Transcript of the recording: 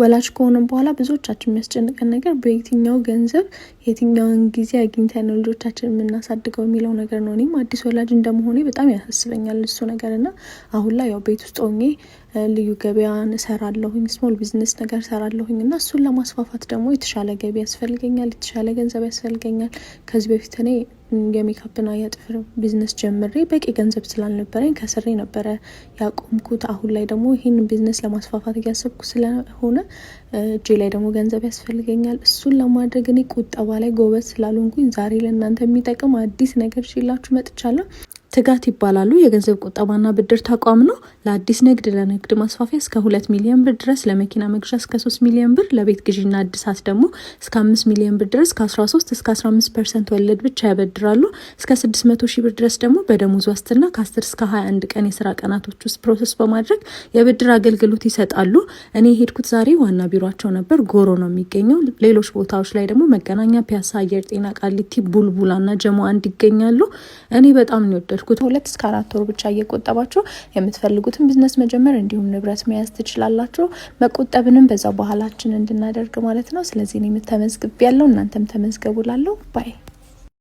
ወላጅ ከሆነ በኋላ ብዙዎቻችን የሚያስጨንቀን ነገር በየትኛው ገንዘብ የትኛውን ጊዜ አግኝተን ልጆቻችን የምናሳድገው የሚለው ነገር ነው። እኔም አዲስ ወላጅ እንደመሆኔ በጣም ያሳስበኛል እሱ ነገር እና አሁን ላይ ያው ቤት ውስጥ ሆኜ ልዩ ገበያን እሰራለሁኝ፣ ስሞል ቢዝነስ ነገር እሰራለሁኝ እና እሱን ለማስፋፋት ደግሞ የተሻለ ገቢ ያስፈልገኛል፣ የተሻለ ገንዘብ ያስፈልገኛል። ከዚህ በፊት እኔ የሜካፕና የጥፍር ቢዝነስ ጀምሬ በቂ ገንዘብ ስላልነበረኝ ከስሬ ነበረ ያቆምኩት። አሁን ላይ ደግሞ ይህን ቢዝነስ ለማስፋፋት እያሰብኩ ስለሆነ እጄ ላይ ደግሞ ገንዘብ ያስፈልገኛል። እሱን ለማድረግ እኔ ቁጠባ ላይ ጎበዝ ስላልሆንኩኝ ዛሬ ለእናንተ የሚጠቅም አዲስ ነገር ይዤላችሁ መጥቻለሁ። ትጋት ይባላሉ። የገንዘብ ቁጠባና ብድር ተቋም ነው። ለአዲስ ንግድ፣ ለንግድ ማስፋፊያ እስከ ሁለት ሚሊዮን ብር ድረስ፣ ለመኪና መግዣ እስከ ሶስት ሚሊዮን ብር፣ ለቤት ግዢና አድሳት ደግሞ እስከ አምስት ሚሊዮን ብር ድረስ ከአስራ 13 እስከ አምስት ፐርሰንት ወለድ ብቻ ያበድራሉ። እስከ መቶ ሺህ ብር ድረስ ደግሞ በደሞዝ ዋስትና ከአስር እስከ ሀያ 21 ቀን የስራ ቀናቶች ውስጥ ፕሮሰስ በማድረግ የብድር አገልግሎት ይሰጣሉ። እኔ የሄድኩት ዛሬ ዋና ቢሯቸው ነበር፣ ጎሮ ነው የሚገኘው። ሌሎች ቦታዎች ላይ ደግሞ መገናኛ፣ ፒያሳ፣ አየር ጤና፣ ቃሊቲ፣ ቡልቡላ ጀሞ አንድ ይገኛሉ። እኔ በጣም ነው የወደድኩት። የምትፈልጉት ሁለት እስከ አራት ወር ብቻ እየቆጠባችሁ የምትፈልጉትን ቢዝነስ መጀመር እንዲሁም ንብረት መያዝ ትችላላችሁ። መቆጠብንም በዛው ባህላችን እንድናደርግ ማለት ነው። ስለዚህ እኔም ተመዝግቤ ያለው እናንተም ተመዝገቡላለሁ ባይ